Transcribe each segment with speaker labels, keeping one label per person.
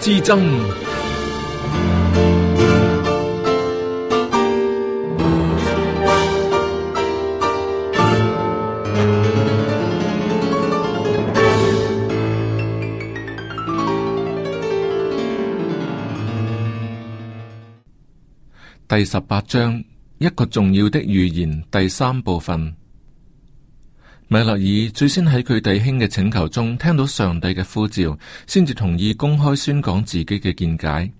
Speaker 1: 之爭。第十八章，一個重要的預言，第三部分。米勒爾最先喺佢弟兄嘅請求中聽到上帝嘅呼召，先至同意公開宣講自己嘅見解。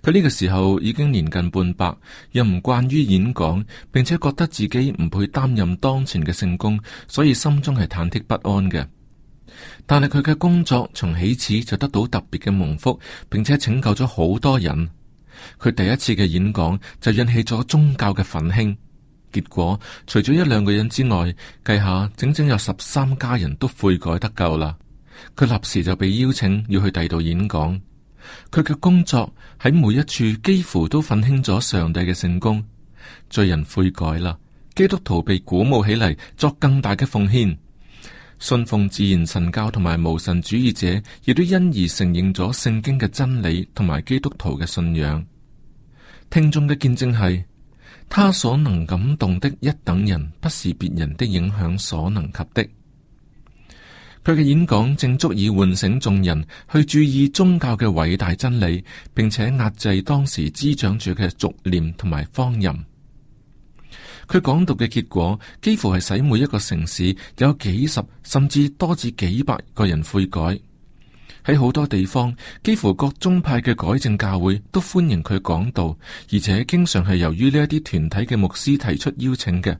Speaker 1: 佢呢個時候已經年近半百，又唔慣於演講，並且覺得自己唔配擔任當前嘅聖工，所以心中係忐忑不安嘅。但係佢嘅工作從起始就得到特別嘅蒙福，並且拯救咗好多人。佢第一次嘅演講就引起咗宗教嘅奮興。結果除咗一兩個人之外，計下整整有十三家人都悔改得救啦。佢立時就被邀請要去第二度演講。佢嘅工作喺每一處幾乎都奮興咗上帝嘅聖工。罪人悔改啦，基督徒被鼓舞起嚟作更大嘅奉獻，信奉自然神教同埋無神主義者亦都因而承認咗聖經嘅真理同埋基督徒嘅信仰。聽眾嘅見證係。他所能感動的一等人，不是別人的影響所能及的。佢嘅演講正足以喚醒眾人去注意宗教嘅偉大真理，並且壓制當時滋長住嘅俗念同埋荒淫。佢講道嘅結果，幾乎係使每一個城市有幾十甚至多至幾百個人悔改。喺好多地方，幾乎各宗派嘅改正教會都歡迎佢講道，而且經常係由於呢一啲團體嘅牧師提出邀請嘅。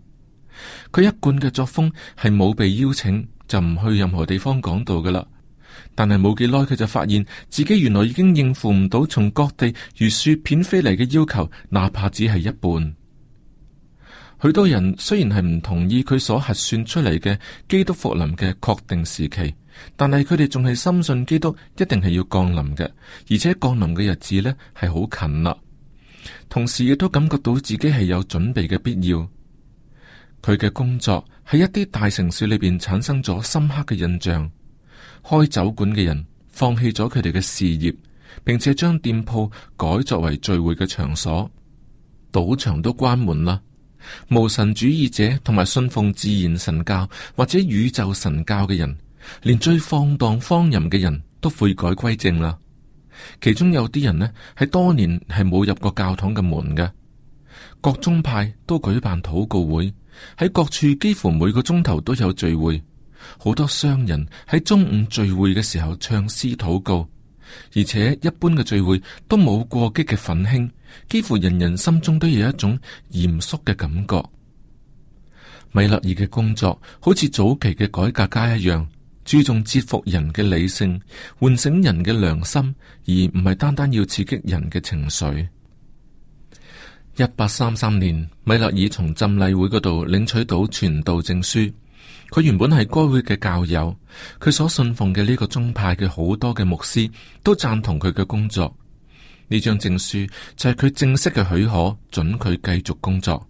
Speaker 1: 佢一貫嘅作風係冇被邀請就唔去任何地方講道噶啦。但係冇幾耐，佢就發現自己原來已經應付唔到從各地如雪片飛嚟嘅要求，哪怕只係一半。許多人雖然係唔同意佢所核算出嚟嘅基督復臨嘅確定時期。但係佢哋仲係深信基督一定係要降臨嘅，而且降臨嘅日子呢係好近啦。同時亦都感覺到自己係有準備嘅必要。佢嘅工作喺一啲大城市裏邊產生咗深刻嘅印象。開酒館嘅人放棄咗佢哋嘅事業，並且將店鋪改作為聚會嘅場所。賭場都關門啦。無神主義者同埋信奉自然神教或者宇宙神教嘅人，連最放蕩荒淫嘅人都悔改歸正啦，其中有啲人呢係多年係冇入過教堂嘅門嘅，各宗派都舉辦禱告會，喺各處幾乎每個鐘頭都有聚會，好多商人喺中午聚會嘅時候唱詩禱告，而且一般嘅聚會都冇過激嘅奮興，幾乎人人心中都有一種嚴肅嘅感覺。米勒爾嘅工作好似早期嘅改革家一樣。注重折服人嘅理性，喚醒人嘅良心，而唔係單單要刺激人嘅情緒。一八三三年，米勒爾從浸禮會嗰度領取到傳道證書。佢原本係該會嘅教友，佢所信奉嘅呢個宗派嘅好多嘅牧師都讚同佢嘅工作。呢張證書就係佢正式嘅許可，准佢繼續工作。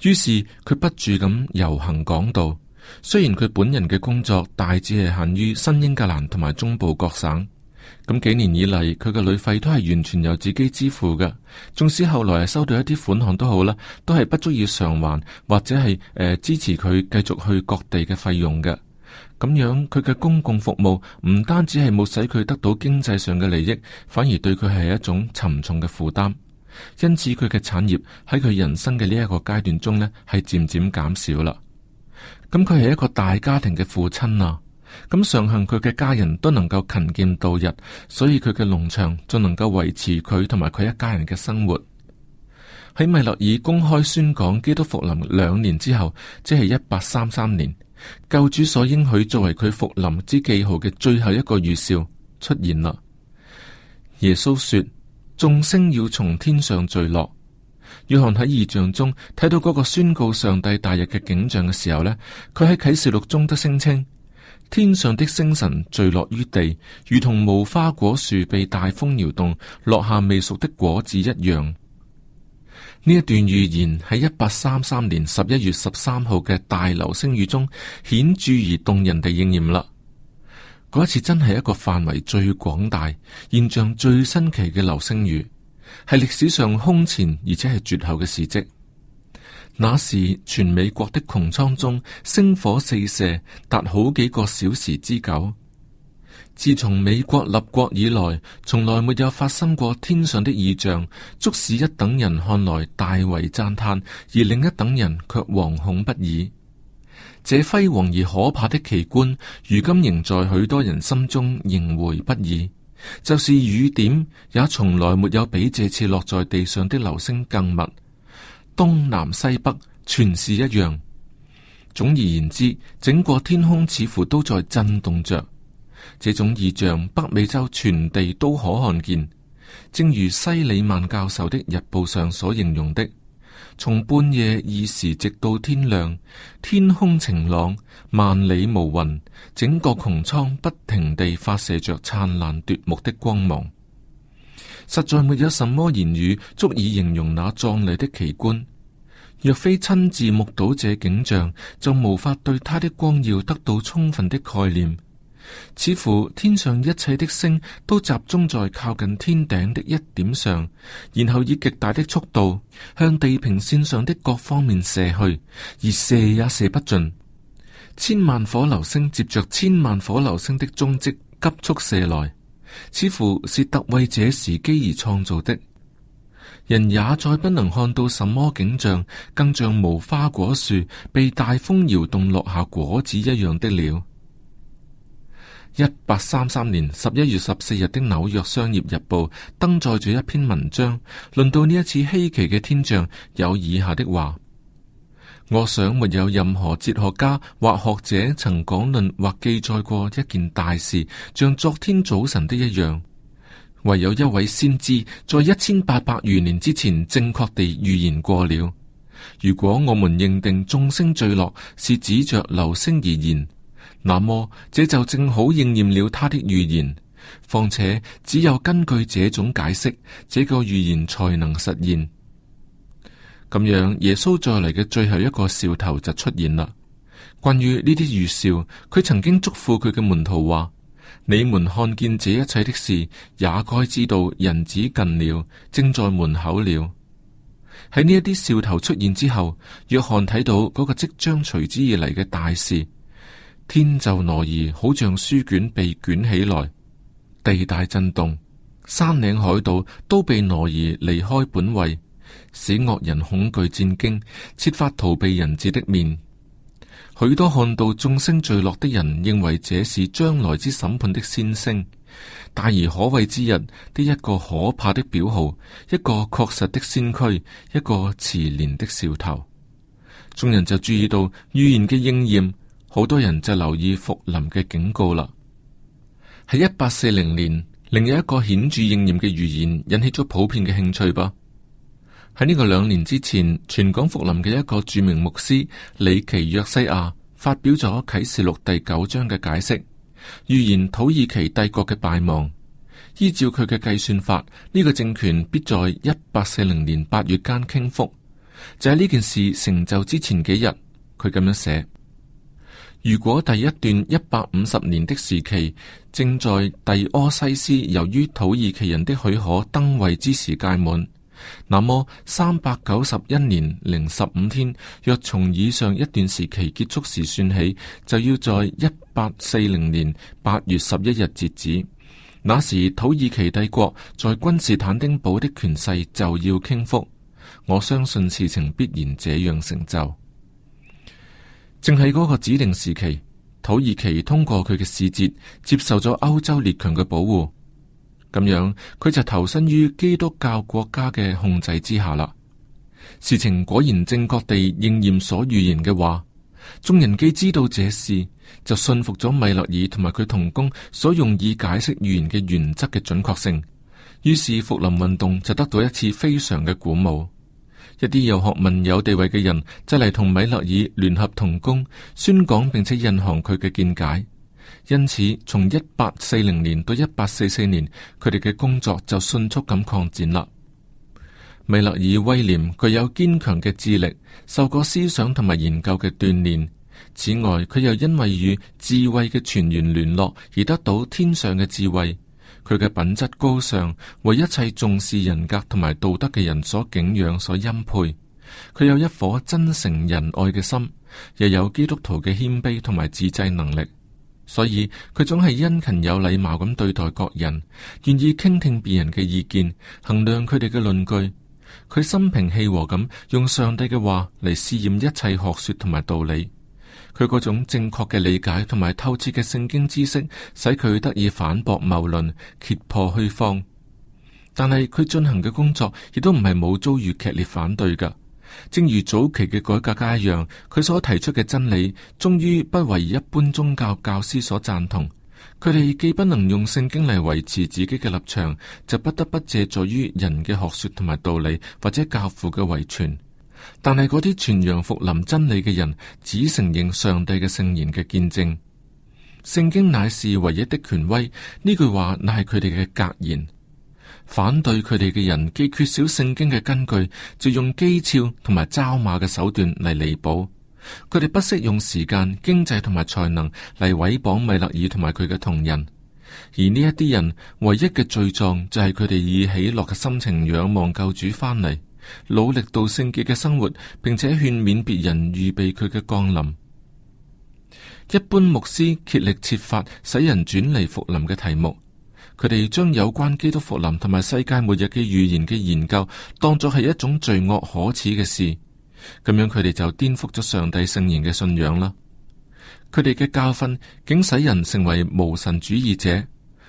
Speaker 1: 於是佢不住咁遊行講道。雖然佢本人嘅工作大致係限於新英格蘭同埋中部各省，咁幾年以嚟佢嘅旅費都係完全由自己支付嘅。縱使後來收到一啲款項都好啦，都係不足以償還或者係誒、呃、支持佢繼續去各地嘅費用嘅。咁樣佢嘅公共服務唔單止係冇使佢得到經濟上嘅利益，反而對佢係一種沉重嘅負擔。因此佢嘅產業喺佢人生嘅呢一個階段中呢，係漸漸減少啦。咁佢係一個大家庭嘅父親啊！咁、嗯、上幸佢嘅家人都能夠勤儉度日，所以佢嘅農場仲能夠維持佢同埋佢一家人嘅生活。喺米勒爾公開宣講基督復臨兩年之後，即係一八三三年，救主所應許作為佢復臨之記號嘅最後一個預兆出現啦。耶穌說：眾星要從天上墜落。約翰喺異象中睇到嗰個宣告上帝大日嘅景象嘅時候咧，佢喺啟示錄中都聲稱天上的星辰墜落於地，如同無花果樹被大風搖動落下未熟的果子一樣。呢一段預言喺一八三三年十一月十三號嘅大流星雨中顯著而動人地應驗啦。嗰一次真係一個範圍最廣大、現象最新奇嘅流星雨。係歷史上空前而且係絕後嘅事跡。那時全美國的穹蒼中星火四射，達好幾個小時之久。自從美國立國以來，從來沒有發生過天上的異象，足使一等人看來大為讚嘆，而另一等人卻惶恐不已。這輝煌而可怕的奇觀，如今仍在許多人心中縈回不已。就是雨點也從來沒有比這次落在地上的流星更密，東南西北全是一樣。總而言之，整個天空似乎都在震動着。這種異象北美洲全地都可看見，正如西里曼教授的日報上所形容的。從半夜二時直到天亮，天空晴朗，萬里無雲，整個穹蒼不停地發射着燦爛奪目的光芒。實在沒有什麼言語足以形容那壯麗的奇觀。若非親自目睹這景象，就無法對它的光耀得到充分的概念。似乎天上一切的星都集中在靠近天頂的一點上，然後以極大的速度向地平線上的各方面射去，而射也射不盡。千萬火流星接着千萬火流星的蹤跡急速射來，似乎是特為這時機而創造的。人也再不能看到什麼景象，更像無花果樹被大風搖動落下果子一樣的了。一八三三年十一月十四日的紐約商業日報登載咗一篇文章，論到呢一次稀奇嘅天象，有以下的話：我想沒有任何哲學家或學者曾講論或記載過一件大事，像昨天早晨的一樣，唯有一位先知在一千八百餘年之前正確地預言過了。如果我們認定眾星墜落是指着流星而言。那麼，這就正好應驗了他的預言。況且，只有根據這種解釋，這個預言才能實現。咁樣，耶穌再嚟嘅最後一個兆頭就出現啦。關於呢啲預兆，佢曾經囑咐佢嘅門徒話：你們看見這一切的事，也該知道人子近了，正在門口了。喺呢一啲兆頭出現之後，約翰睇到嗰個即將隨之而嚟嘅大事。天就挪移，好像書卷被捲起來；地大震動，山嶺海島都被挪移離開本位，使惡人恐懼戰驚，設法逃避人子的面。許多看到眾星墜落的人，認為這是將來之審判的先聲，大而可畏之日的一個可怕的表號，一個確實的先驅，一個慈憐的兆頭。眾人就注意到預言嘅應驗。好多人就留意復臨嘅警告啦。喺一八四零年，另有一個顯著應驗嘅預言引起咗普遍嘅興趣噃。喺呢個兩年之前，全港復臨嘅一個著名牧師里奇約西亞發表咗啟示錄第九章嘅解釋，預言土耳其帝國嘅敗亡。依照佢嘅計算法，呢個政權必在一八四零年八月間傾覆。就喺呢件事成就之前幾日，佢咁樣寫。如果第一段一百五十年的時期正在蒂阿西斯由於土耳其人的許可登位之時屆滿，那麼三百九十一年零十五天若從以上一段時期結束時算起，就要在一八四零年八月十一日截止。那時土耳其帝國在君士坦丁堡的權勢就要傾覆，我相信事情必然這樣成就。正喺嗰個指定時期，土耳其通過佢嘅使節接受咗歐洲列強嘅保護，咁樣佢就投身於基督教國家嘅控制之下啦。事情果然正確地應驗所預言嘅話，眾人既知道這事，就信服咗米勒爾同埋佢同工所用以解釋預言嘅原則嘅準確性。於是復臨運動就得到一次非常嘅鼓舞。一啲有學問、有地位嘅人，就嚟同米勒爾聯合同工，宣講並且印行佢嘅見解。因此，從一八四零年到一八四四年，佢哋嘅工作就迅速咁擴展啦。米勒爾威廉具有堅強嘅智力，受過思想同埋研究嘅鍛煉。此外，佢又因為與智慧嘅泉源聯絡，而得到天上嘅智慧。佢嘅品質高尚，為一切重視人格同埋道德嘅人所景仰、所欽佩。佢有一顆真誠仁愛嘅心，又有基督徒嘅謙卑同埋自制能力，所以佢總係殷勤有禮貌，咁對待各人，願意傾聽別人嘅意見，衡量佢哋嘅論據。佢心平氣和咁用上帝嘅話嚟試驗一切學說同埋道理。佢嗰種正確嘅理解同埋透徹嘅聖經知識，使佢得以反駁謬論，揭破虛妄。但係佢進行嘅工作，亦都唔係冇遭遇劇烈反對噶。正如早期嘅改革家一樣，佢所提出嘅真理，終於不為一般宗教教師所贊同。佢哋既不能用聖經嚟維持自己嘅立場，就不得不借助於人嘅學說同埋道理，或者教父嘅遺傳。但係嗰啲傳揚復臨真理嘅人，只承認上帝嘅聖言嘅見證，聖經乃是唯一的權威。呢句話乃係佢哋嘅格言。反對佢哋嘅人既缺少聖經嘅根據，就用譏誚同埋嘲罵嘅手段嚟彌補。佢哋不惜用時間、經濟同埋才能嚟毀謗米勒爾同埋佢嘅同人。而呢一啲人唯一嘅罪狀就係佢哋以喜樂嘅心情仰望救主翻嚟。努力到聖潔嘅生活，並且勸勉別人預備佢嘅降臨。一般牧師竭力設法使人轉離復臨嘅題目，佢哋將有關基督復臨同埋世界末日嘅預言嘅研究當作係一種罪惡可恥嘅事，咁樣佢哋就顛覆咗上帝聖言嘅信仰啦。佢哋嘅教訓竟使人成為無神主義者，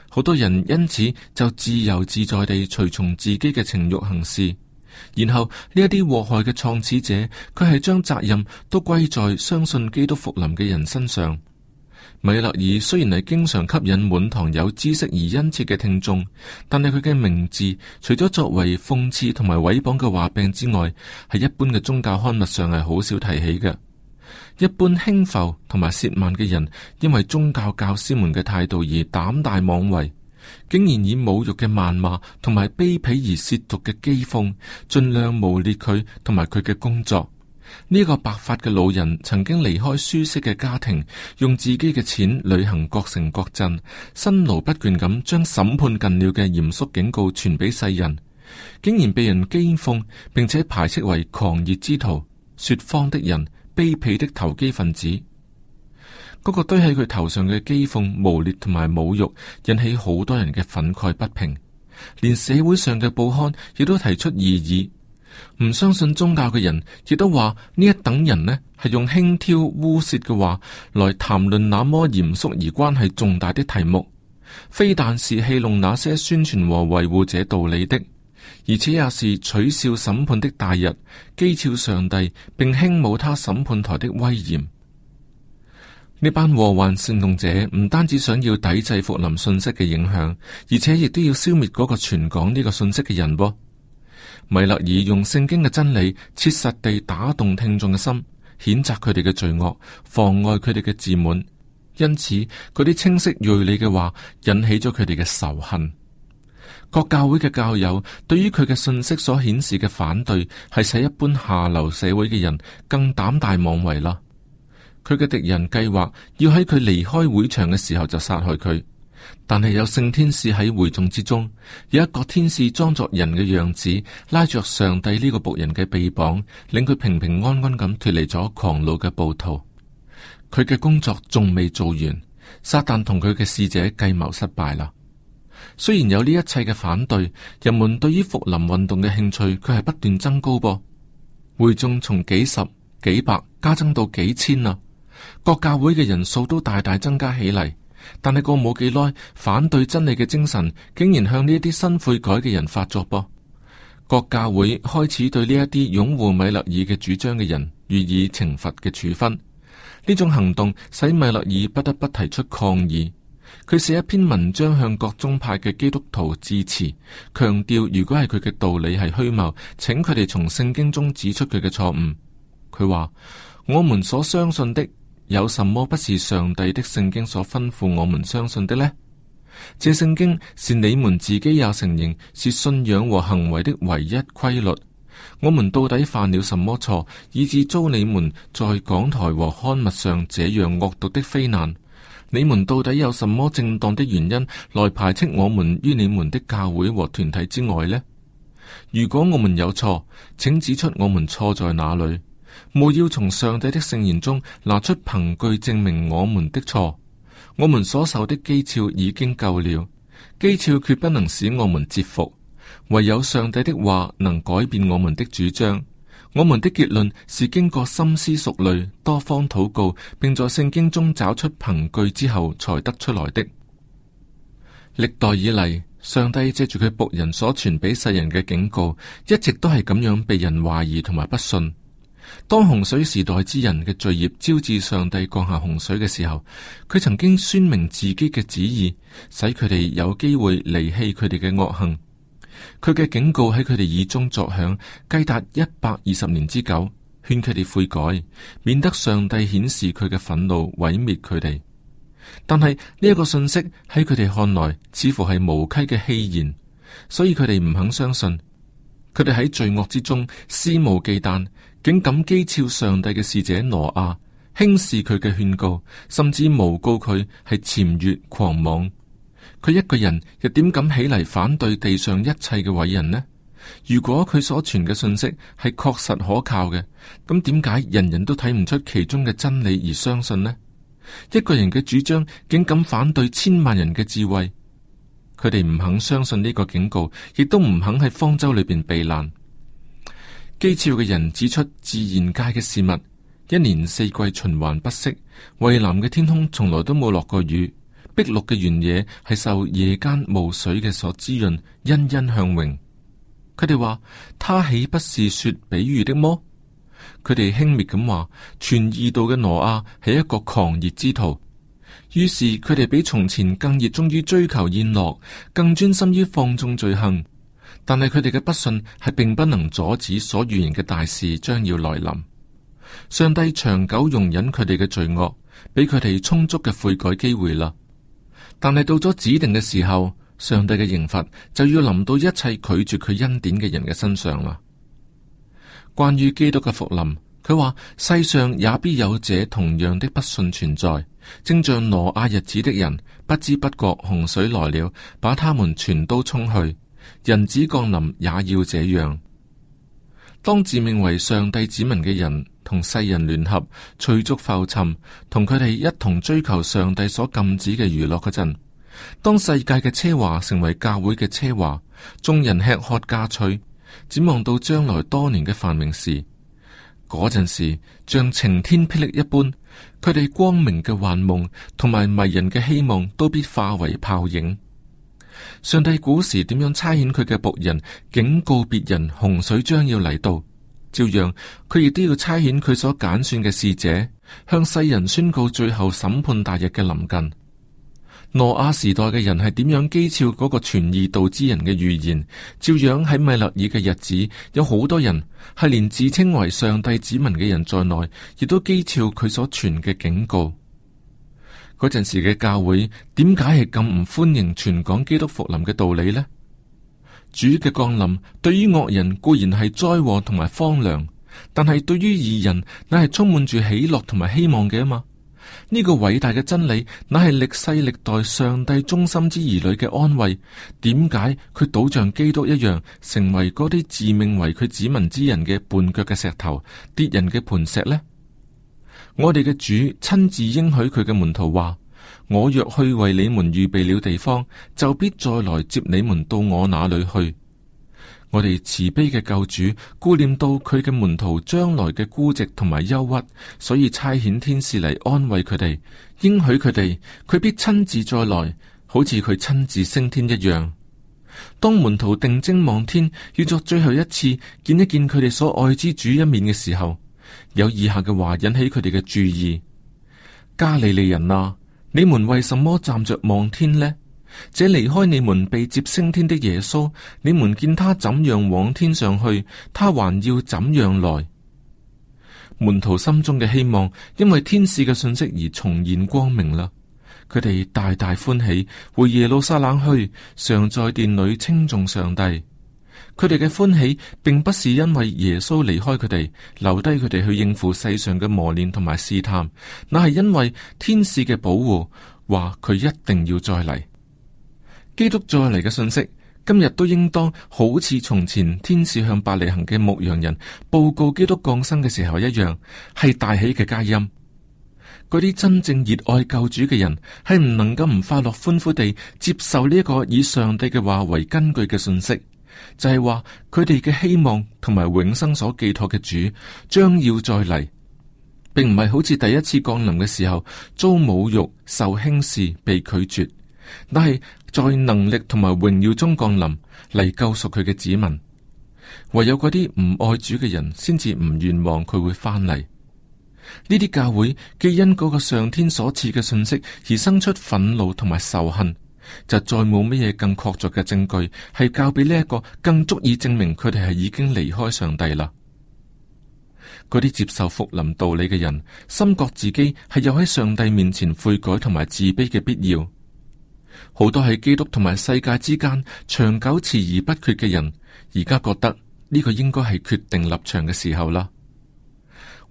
Speaker 1: 好多人因此就自由自在地隨從自己嘅情欲行事。然後呢一啲禍害嘅創始者，佢係將責任都歸在相信基督復臨嘅人身上。米勒爾雖然係經常吸引滿堂有知識而殷切嘅聽眾，但係佢嘅名字除咗作為諷刺同埋毀謗嘅話柄之外，係一般嘅宗教刊物上係好少提起嘅。一般輕浮同埋涉慢嘅人，因為宗教教師們嘅態度而膽大妄為。竟然以侮辱嘅謾罵同埋卑鄙而褻瀆嘅譏諷，盡量污衊佢同埋佢嘅工作。呢個白髮嘅老人曾經離開舒適嘅家庭，用自己嘅錢旅行各城各鎮，辛勞不倦咁將審判近了嘅嚴肅警告傳俾世人，竟然被人譏諷，並且排斥為狂熱之徒、說謊的人、卑鄙的投機分子。嗰個堆喺佢頭上嘅譏諷、誣蔑同埋侮辱，引起好多人嘅憤慨不平，連社會上嘅報刊亦都提出異議。唔相信宗教嘅人亦都話：呢一等人呢係用輕佻污褻嘅話來談論那麼嚴肅而關係重大的題目，非但是戲弄那些宣傳和維護這道理的，而且也是取笑審判的大日，譏誚上帝，並輕侮他審判台的威嚴。呢班禍患煽動者唔單止想要抵制復臨信息嘅影響，而且亦都要消滅嗰個傳講呢個信息嘅人。噃，米勒爾用聖經嘅真理切實地打動聽眾嘅心，譴責佢哋嘅罪惡，妨礙佢哋嘅自滿，因此嗰啲清晰銳利嘅話引起咗佢哋嘅仇恨。各教會嘅教友對於佢嘅信息所顯示嘅反對，係使一般下流社會嘅人更膽大妄為啦。佢嘅敵人計劃要喺佢離開會場嘅時候就殺害佢，但係有聖天使喺會眾之中，有一個天使裝作人嘅樣子，拉着上帝呢個僕人嘅臂膀，令佢平平安安咁脱離咗狂怒嘅暴徒。佢嘅工作仲未做完，撒旦同佢嘅使者計謀失敗啦。雖然有呢一切嘅反對，人們對於復臨運動嘅興趣，佢係不斷增高噃。會眾從幾十、幾百加增到幾千啦、啊。各教會嘅人數都大大增加起嚟，但係過冇幾耐，反對真理嘅精神竟然向呢一啲新悔改嘅人發作噃。各教會開始對呢一啲擁護米勒爾嘅主張嘅人予以懲罰嘅處分。呢種行動使米勒爾不得不提出抗議。佢寫一篇文章向各宗派嘅基督徒致詞，強調如果係佢嘅道理係虛謬，請佢哋從聖經中指出佢嘅錯誤。佢話：我們所相信的。有什麼不是上帝的聖經所吩咐我們相信的呢？這聖經是你們自己也承認是信仰和行為的唯一規律。我們到底犯了什麼錯，以致遭你們在講台和刊物上這樣惡毒的非難？你們到底有什麼正當的原因來排斥我們於你們的教會和團體之外呢？如果我們有錯，請指出我們錯在哪裏。務要從上帝的聖言中拿出憑據，證明我們的錯。我們所受的譏誚已經夠了，譏誚決不能使我們折服。唯有上帝的話能改變我們的主張。我們的結論是經過深思熟慮、多方禱告，並在聖經中找出憑據之後才得出來的。歷代以嚟，上帝借住佢僕人所傳俾世人嘅警告，一直都係咁樣被人懷疑同埋不信。當洪水時代之人嘅罪業招致上帝降下洪水嘅時候，佢曾經宣明自己嘅旨意，使佢哋有機會離棄佢哋嘅惡行。佢嘅警告喺佢哋耳中作響，計達一百二十年之久，勸佢哋悔改，免得上帝顯示佢嘅憤怒，毀滅佢哋。但係呢一個信息喺佢哋看來，似乎係無稽嘅欺言，所以佢哋唔肯相信。佢哋喺罪惡之中肆無忌憚。竟敢譏嘲上帝嘅使者挪亞，輕視佢嘅勸告，甚至誣告佢係僭越狂妄。佢一個人又點敢起嚟反對地上一切嘅偉人呢？如果佢所傳嘅信息係確實可靠嘅，咁點解人人都睇唔出其中嘅真理而相信呢？一個人嘅主張竟敢反對千萬人嘅智慧。佢哋唔肯相信呢個警告，亦都唔肯喺方舟裏邊避難。譏誚嘅人指出，自然界嘅事物一年四季循環不息，蔚藍嘅天空從來都冇落過雨，碧綠嘅原野係受夜間霧水嘅所滋潤，欣欣向榮。佢哋話，他豈不是說比喻的麼？佢哋輕蔑咁話，傳異道嘅挪亞係一個狂熱之徒。於是佢哋比從前更熱衷於追求燕樂，更專心於放縱罪行。但係佢哋嘅不信係，並不能阻止所預言嘅大事將要來臨。上帝長久容忍佢哋嘅罪惡，俾佢哋充足嘅悔改機會啦。但係到咗指定嘅時候，上帝嘅刑罰就要臨到一切拒絕佢恩典嘅人嘅身上啦。關於基督嘅復臨，佢話世上也必有者同樣的不信存在，正像挪亞日子的人不知不覺洪水來了，把他們全都沖去。人子降臨也要這樣。當自命為上帝子民嘅人同世人聯合，隨俗浮沉，同佢哋一同追求上帝所禁止嘅娛樂嗰陣，當世界嘅奢華成為教會嘅奢華，眾人吃喝嫁娶，展望到將來多年嘅繁榮時，嗰陣時像晴天霹靂一般，佢哋光明嘅幻夢同埋迷人嘅希望都必化為泡影。上帝古時點樣差遣佢嘅僕人警告別人洪水將要嚟到，照樣佢亦都要差遣佢所揀選嘅使者向世人宣告最後審判大日嘅臨近。挪亞時代嘅人係點樣譏誚嗰個傳義道之人嘅預言？照樣喺米勒爾嘅日子，有好多人係連自稱為上帝子民嘅人在內，亦都譏誚佢所傳嘅警告。嗰陣時嘅教會點解係咁唔歡迎全港基督復臨嘅道理呢？主嘅降臨對於惡人固然係災禍同埋荒涼，但係對於義人，乃係充滿住喜樂同埋希望嘅啊嘛！呢、這個偉大嘅真理，乃係歷世歷代上帝忠心之兒女嘅安慰。點解佢倒像基督一樣，成為嗰啲自命為佢子民之人嘅絆腳嘅石頭、跌人嘅磐石呢？我哋嘅主親自應許佢嘅門徒話：我若去為你們預備了地方，就必再來接你們到我那裏去。我哋慈悲嘅救主顧念到佢嘅門徒將來嘅孤寂同埋憂鬱，所以差遣天使嚟安慰佢哋，應許佢哋，佢必親自再來，好似佢親自升天一樣。當門徒定睛望天，要作最後一次見一見佢哋所愛之主一面嘅時候，有以下嘅話引起佢哋嘅注意：加利利人啊，你們為什麼站着望天呢？這離開你們被接升天的耶穌，你們見他怎樣往天上去，他還要怎樣來？門徒心中嘅希望，因為天使嘅信息而重現光明啦！佢哋大大歡喜，回耶路撒冷去，常在殿裏稱頌上帝。佢哋嘅歡喜，並不是因為耶穌離開佢哋，留低佢哋去應付世上嘅磨練同埋試探，那係因為天使嘅保護，話佢一定要再嚟。基督再嚟嘅信息，今日都應當好似從前天使向伯利恆嘅牧羊人報告基督降生嘅時候一樣，係大喜嘅佳音。嗰啲真正熱愛救主嘅人，係唔能夠唔快樂、歡呼地接受呢一個以上帝嘅話為根據嘅信息。就係話佢哋嘅希望同埋永生所寄託嘅主將要再嚟，並唔係好似第一次降臨嘅時候，遭侮辱、受輕視、被拒絕，但係在能力同埋榮耀中降臨嚟救贖佢嘅子民。唯有嗰啲唔愛主嘅人，先至唔願望佢會翻嚟。呢啲教會既因嗰個上天所賜嘅信息而生出憤怒同埋仇恨。就再冇乜嘢更確鑿嘅證據係教俾呢一個更足以證明佢哋係已經離開上帝啦。嗰啲接受福林道理嘅人心覺自己係有喺上帝面前悔改同埋自卑嘅必要。好多喺基督同埋世界之間長久遲疑不決嘅人，而家覺得呢個應該係決定立場嘅時候啦。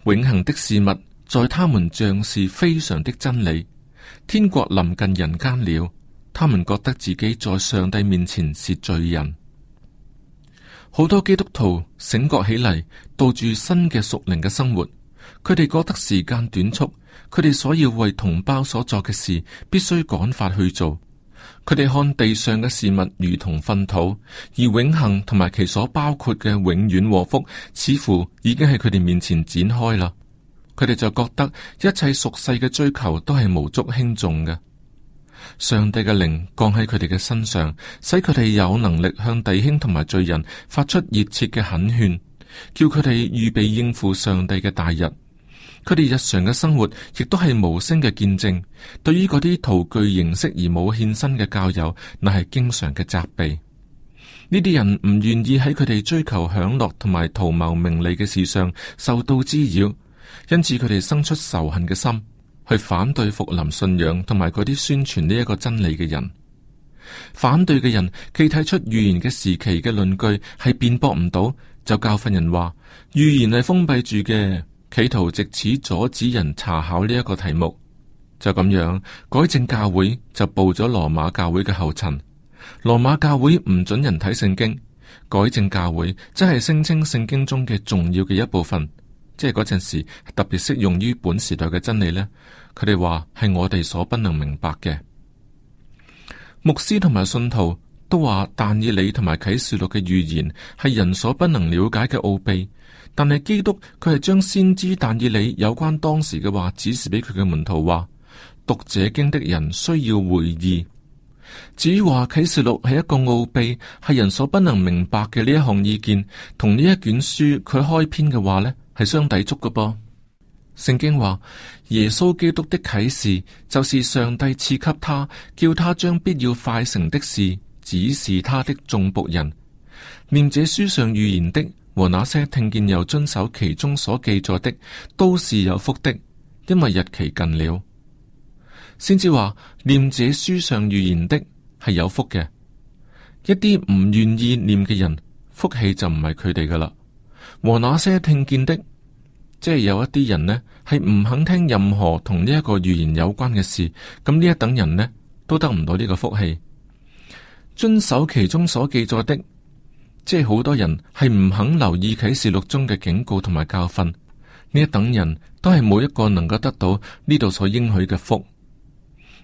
Speaker 1: 永恆的事物在他們像是非常的真理，天國臨近人間了。他們覺得自己在上帝面前是罪人。好多基督徒醒覺起嚟，度住新嘅屬靈嘅生活。佢哋覺得時間短促，佢哋所要為同胞所做嘅事，必須趕快去做。佢哋看地上嘅事物如同糞土，而永恒同埋其所包括嘅永遠禍福，似乎已經喺佢哋面前展開啦。佢哋就覺得一切俗世嘅追求都係無足輕重嘅。上帝嘅靈降喺佢哋嘅身上，使佢哋有能力向弟兄同埋罪人發出熱切嘅懇勸，叫佢哋預備應付上帝嘅大日。佢哋日常嘅生活，亦都係無聲嘅見證。對於嗰啲徒具形式而冇獻身嘅教友，乃係經常嘅責備。呢啲人唔願意喺佢哋追求享樂同埋圖謀名利嘅事上受到滋擾，因此佢哋生出仇恨嘅心。去反對復臨信仰同埋嗰啲宣傳呢一個真理嘅人，反對嘅人既睇出預言嘅時期嘅論據係辯駁唔到，就教訓人話預言係封閉住嘅，企圖借此阻止人查考呢一個題目。就咁樣，改正教會就步咗羅馬教會嘅後塵。羅馬教會唔准人睇聖經，改正教會真係聲稱聖經中嘅重要嘅一部分。即係嗰陣時特別適用於本時代嘅真理呢，佢哋話係我哋所不能明白嘅。牧師同埋信徒都話，但以理同埋啟示錄嘅預言係人所不能了解嘅奧秘。但係基督佢係將先知但以理有關當時嘅話指示俾佢嘅門徒話，讀這經的人需要會意。至於話啟示錄係一個奧秘，係人所不能明白嘅呢一項意見同呢一卷書佢開篇嘅話呢。係相抵觸嘅噃。聖經話，耶穌基督的啟示就是上帝賜給他，叫他將必要快成的事指示他的眾僕人。念這書上預言的和那些聽見又遵守其中所記載的，都是有福的，因為日期近了。先至話念這書上預言的係有福嘅，一啲唔願意念嘅人，福氣就唔係佢哋噶啦。和那些聽見的，即係有一啲人呢，係唔肯聽任何同呢一個預言有關嘅事，咁呢一等人呢，都得唔到呢個福氣。遵守其中所記載的，即係好多人係唔肯留意啟示錄中嘅警告同埋教訓，呢一等人都係冇一個能夠得到呢度所應許嘅福。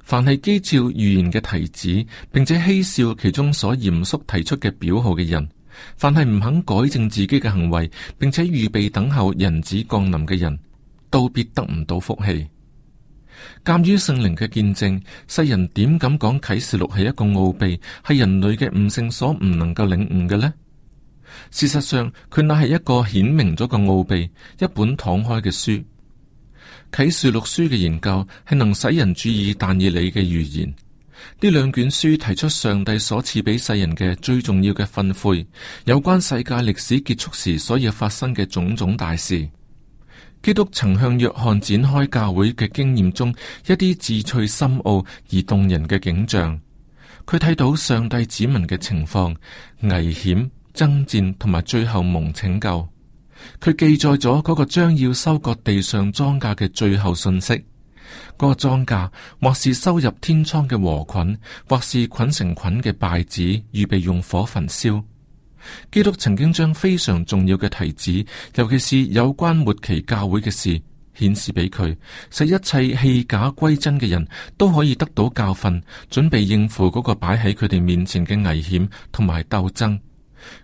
Speaker 1: 凡係譏誚預言嘅題旨，並且嬉笑其中所嚴肅提出嘅表號嘅人。凡係唔肯改正自己嘅行為，並且預備等候人子降臨嘅人，都必得唔到福氣。鑒於聖靈嘅見證，世人點敢講啟示錄係一個奧秘，係人類嘅悟性所唔能夠領悟嘅呢？事實上，佢乃係一個顯明咗個奧秘，一本敞開嘅書。啟示錄書嘅研究係能使人注意但以理嘅預言。呢兩卷書提出上帝所賜俾世人嘅最重要嘅訓誨，有關世界歷史結束時所以發生嘅種種大事。基督曾向約翰展開教會嘅經驗中一啲智趣深奧而動人嘅景象。佢睇到上帝子民嘅情況、危險、爭戰同埋最後蒙拯救。佢記載咗嗰個將要收割地上莊稼嘅最後信息。嗰個莊稼，或是收入天倉嘅禾捆，或是捆成捆嘅稗子，預備用火焚燒。基督曾經將非常重要嘅提子，尤其是有關末期教會嘅事，顯示俾佢，使一切棄假歸真嘅人都可以得到教訓，準備應付嗰個擺喺佢哋面前嘅危險同埋鬥爭。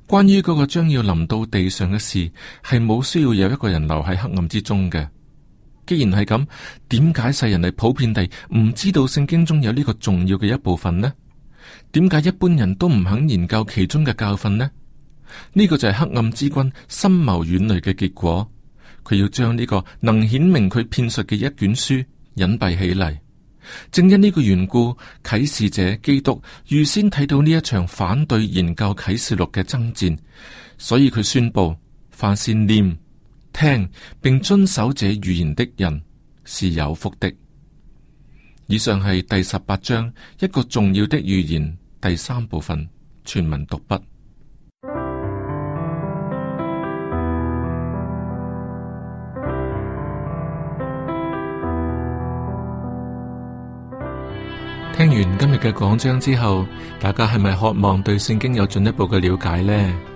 Speaker 1: 關於嗰個將要臨到地上嘅事，係冇需要有一個人留喺黑暗之中嘅。既然係咁，點解世人係普遍地唔知道聖經中有呢個重要嘅一部分呢？點解一般人都唔肯研究其中嘅教訓呢？呢個就係黑暗之君深謀遠慮嘅結果。佢要將呢個能顯明佢騙術嘅一卷書隱蔽起嚟。正因呢個緣故，啟示者基督預先睇到呢一場反對研究啟示錄嘅爭戰，所以佢宣布：凡善念。聽並遵守這預言的人是有福的。以上係第十八章一個重要的預言第三部分，全文讀畢。聽完今日嘅講章之後，大家係咪渴望對聖經有進一步嘅了解呢？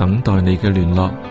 Speaker 1: 等待你嘅聯絡。